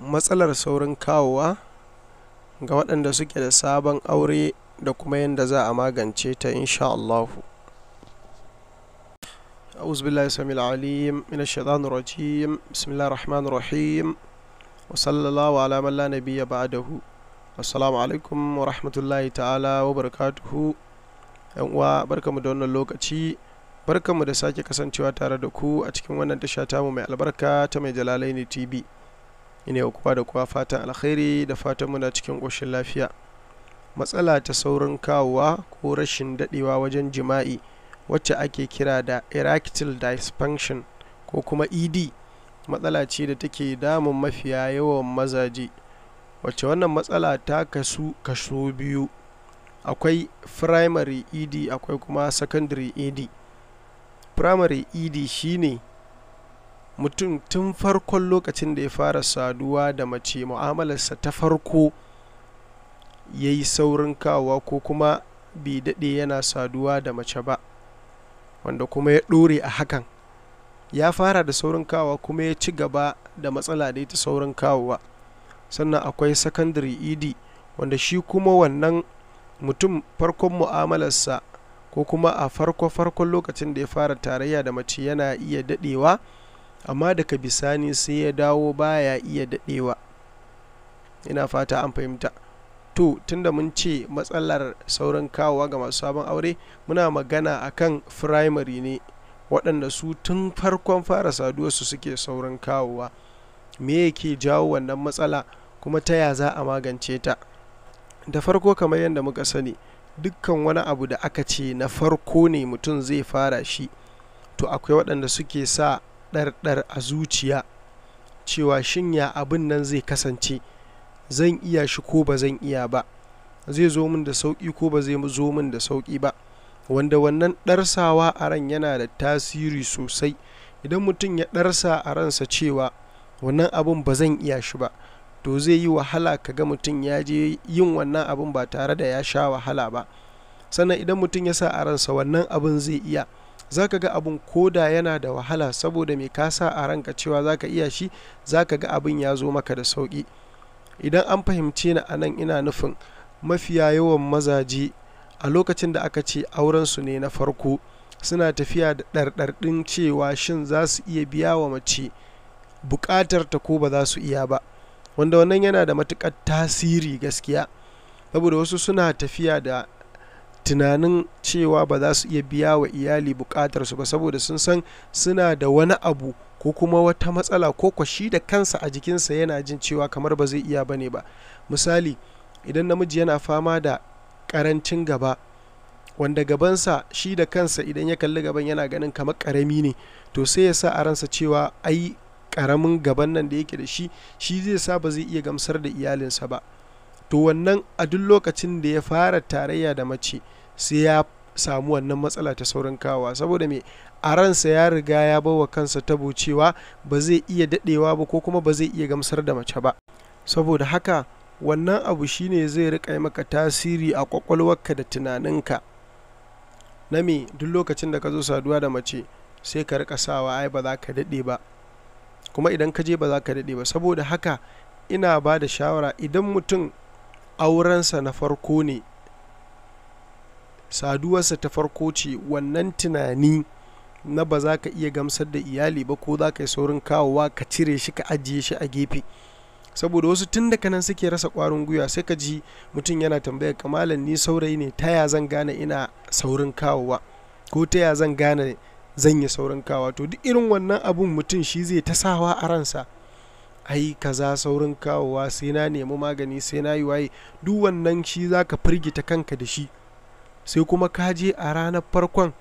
matsalar saurin kawowa ga waɗanda suke da sabon aure da kuma yadda za a magance ta insha Allahu. أعوذ ya السميع العليم من الشيطان الرجيم بسم الله الرحمن الرحيم وصلى الله على من لا نبي بعده السلام عليكم ورحمة الله تعالى وبركاته wa barkamu da wannan lokaci barkamu da sake kasancewa tare da ku a cikin wannan tasha tamu mai albarka ta mai jalalaini tv ina yau kowa da kowa fatan alkhairi da fatan muna cikin ƙoshin lafiya matsala ta saurin kawowa ko rashin daɗewa wajen jima'i wacce ake kira da erectile dysfunction ko kuma ed matsala ce da take damun mafiya yawan mazaje wacce wannan matsala ta kasu kaso biyu akwai primary ed akwai kuma secondary ed primary ed shine mutum tun farkon lokacin da ya fara saduwa da mace mu'amalarsa ta farko ya yi saurin kawowa ko kuma bai daɗe yana saduwa da mace ba wanda kuma ya ɗore a hakan ya fara da saurin kawowa kuma ya ci gaba da matsala da ita saurin kawowa sannan akwai secondary ed wanda shi kuma wannan mutum farkon mu'amalarsa ko kuma a farko farkon lokacin da ya fara tarayya da mace yana iya daɗewa amma daga bisani sai ya dawo baya iya daɗewa ina fata an fahimta to tunda mun ce matsalar saurin kawowa ga masu sabon aure muna magana akan firamare ne waɗanda su tun farkon fara saduwa su suke saurin kawowa me yake jawo wannan matsala kuma ta ya za a magance ta da farko kamar yadda muka sani dukkan wani abu da aka ce na farko ne mutum zai fara shi to akwai waɗanda suke sa ɗarɗar a zuciya cewa shin ya abin nan zai kasance zan iya shi ko ba zan iya ba zai zo min da sauƙi ko ba zai zo min da sauƙi ba wanda wannan ɗarsawa a ran yana da tasiri sosai idan mutum ya ɗarsa a ransa cewa wannan abin ba zan iya shi ba to zai yi wahala ka ga mutum ya je yin wannan abin ba tare da ya sha wahala ba sannan idan mutum ya sa a ransa wannan abin zai iya za ka ga abun koda yana da wahala saboda mai kasa a ranka cewa za ka iya shi za ka ga abin ya zo maka da sauƙi idan an fahimce ni a nan ina nufin mafiya yawan mazaje a lokacin da aka ce aurensu ne na farko suna tafiya da ɗarɗarɗin cewa shin za su iya biya wa mace buƙatar ta ko ba za su iya ba wanda wannan yana da matuƙar tasiri gaskiya saboda wasu suna tafiya da tunanin cewa ba za su iya biya wa iyali bukatarsu ba saboda sun san suna da wani abu ko kuma wata matsala ko kwashi da kansa a jikinsa yana jin cewa kamar ba zai iya bane ba misali idan namiji yana fama da karancin gaba wanda gabansa shi da kansa idan ya kalli gaban yana ganin kamar karami ne to sai ya sa a ransa cewa ai karamin gaban nan da yake da shi shi zai sa ba zai iya gamsar da iyalinsa ba to wannan a duk lokacin da ya fara tarayya da mace sai ya samu wannan matsala ta saurin kawowa saboda me a ransa ya riga ya bawa kansa tabo cewa ba zai iya dadewa ba ko kuma ba zai iya gamsar da mace ba saboda haka wannan abu shine zai rika maka tasiri a kwakwalwarka da tunaninka na me duk lokacin da ka zo saduwa da mace sai ka rika sawa ai ba za ka dade ba kuma idan ka je ba za ka dade ba saboda haka ina ba da shawara idan mutum aurensa na farko ne saduwarsa ta farko ce wannan tunani na ba za ka iya gamsar da iyali ba ko za ka yi saurin kawowa ka cire shi ka ajiye shi a gefe saboda wasu tun da nan suke rasa kwarin gwiwa sai ka ji mutum yana tambayar kamalan ni saurayi ne ta ya zan gane ina saurin kawowa ko ta ya zan gane zan yi saurin kawowa to duk irin wannan abun mutum shi zai ta sawa a ransa ai kaza saurin kawowa sai na nemi magani sai na yi waye duk wannan shi za ka firgita kanka da shi sai kuma ka je a ranar farkon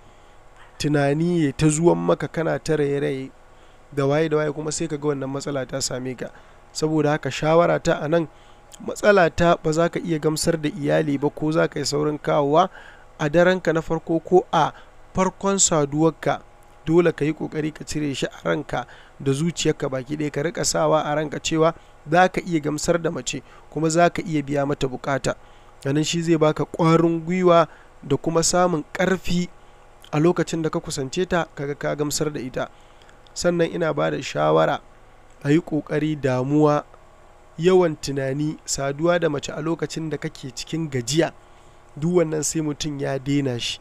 tunani ya ta zuwan maka kana ta raye-raye da waye da waye kuma sai ka ga wannan matsala ta same ka saboda haka shawara ta a nan matsala ta ba za ka iya gamsar da iyali ba ko za ka yi saurin kawowa a daranka na farko ko a farkon saduwarka dole ka yi kokari ka cire shi a ranka da zuciyarka baki ɗaya ka rika sawa a ranka cewa za ka iya gamsar da mace kuma za ka iya biya mata bukata ganin shi zai baka kwarin gwiwa da kuma samun ƙarfi a lokacin da ka kusance ta kaga ka gamsar da ita sannan ina ba da shawara a yi ƙoƙari damuwa yawan tunani saduwa da mace a lokacin da kake cikin gajiya duk wannan sai mutum ya daina shi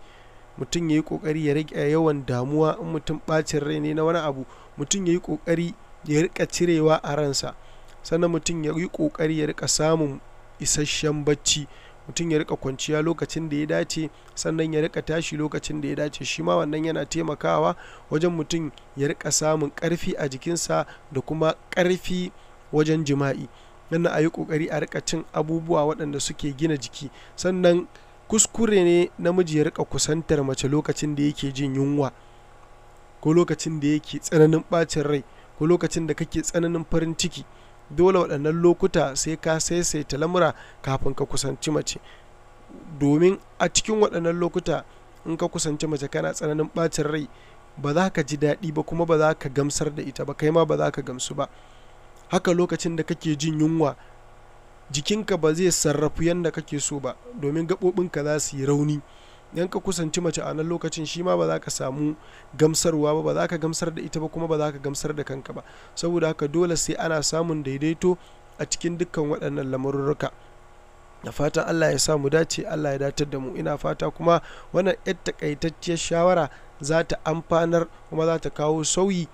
mutum ya yi ƙoƙari ya yawan damuwa in mutum ɓacin rai ne na wani abu mutum ya yi ƙoƙari ya rika cirewa a ransa sannan mutum ya yi ƙoƙari ya rika samun isasshen bacci mutum ya rika kwanciya lokacin da ya dace sannan ya rika tashi lokacin da ya dace shi ma wannan yana taimakawa wajen mutum ya rika samun karfi a jikinsa da kuma karfi wajen jima'i yana a yi kokari a rika cin abubuwa waɗanda suke gina jiki sannan kuskure ne namiji ya rika kusantar mace lokacin da yake jin yunwa ko lokacin da yake tsananin bacin rai ko lokacin da kake tsananin farin ciki dole waɗannan lokuta sai ka saisaita lamura kafin ka kusanci mace domin a cikin waɗannan lokuta in ka kusanci mace kana tsananin ɓacin rai ba za ka ji daɗi ba kuma ba za ka gamsar da ita ba kai ma ba za ka gamsu ba haka lokacin da kake jin yunwa jikinka ba zai sarrafu yadda kake so ba domin gaɓoɓinka za su yi rauni yan ka kusanci mace a nan lokacin shi ma ba za ka samu gamsarwa ba ba za ka gamsar da ita ba kuma ba za ka gamsar da kanka ba saboda haka dole sai ana samun daidaito a cikin dukkan waɗannan lamurruka da fatan Allah ya samu mu dace Allah ya datar da mu ina fata kuma wannan yar takaitacciyar shawara za ta amfanar kuma za ta kawo sauyi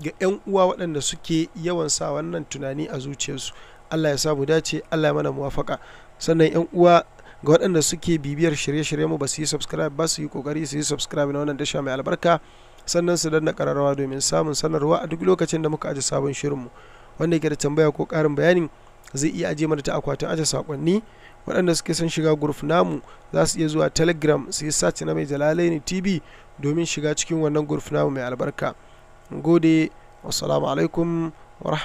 ga 'yan uwa waɗanda suke yawan sa wannan tunani a zuciyarsu Allah ya samu mu dace Allah ya mana muwafaka sannan 'yan uwa ga waɗanda suke bibiyar shirye-shiryenmu ba su yi subscribe ba su yi kokari su yi subscribe na wannan tasha mai albarka sannan su danna kararrawa domin samun sanarwa a duk lokacin da muka aje sabon shirinmu wanda yake da tambaya ko ƙarin bayanin zai iya aje mana ta akwatin aje sakonni waɗanda suke son shiga group namu za su iya zuwa telegram su yi search na mai jalalaini tv domin shiga cikin wannan group namu mai albarka gode wassalamu alaikum wa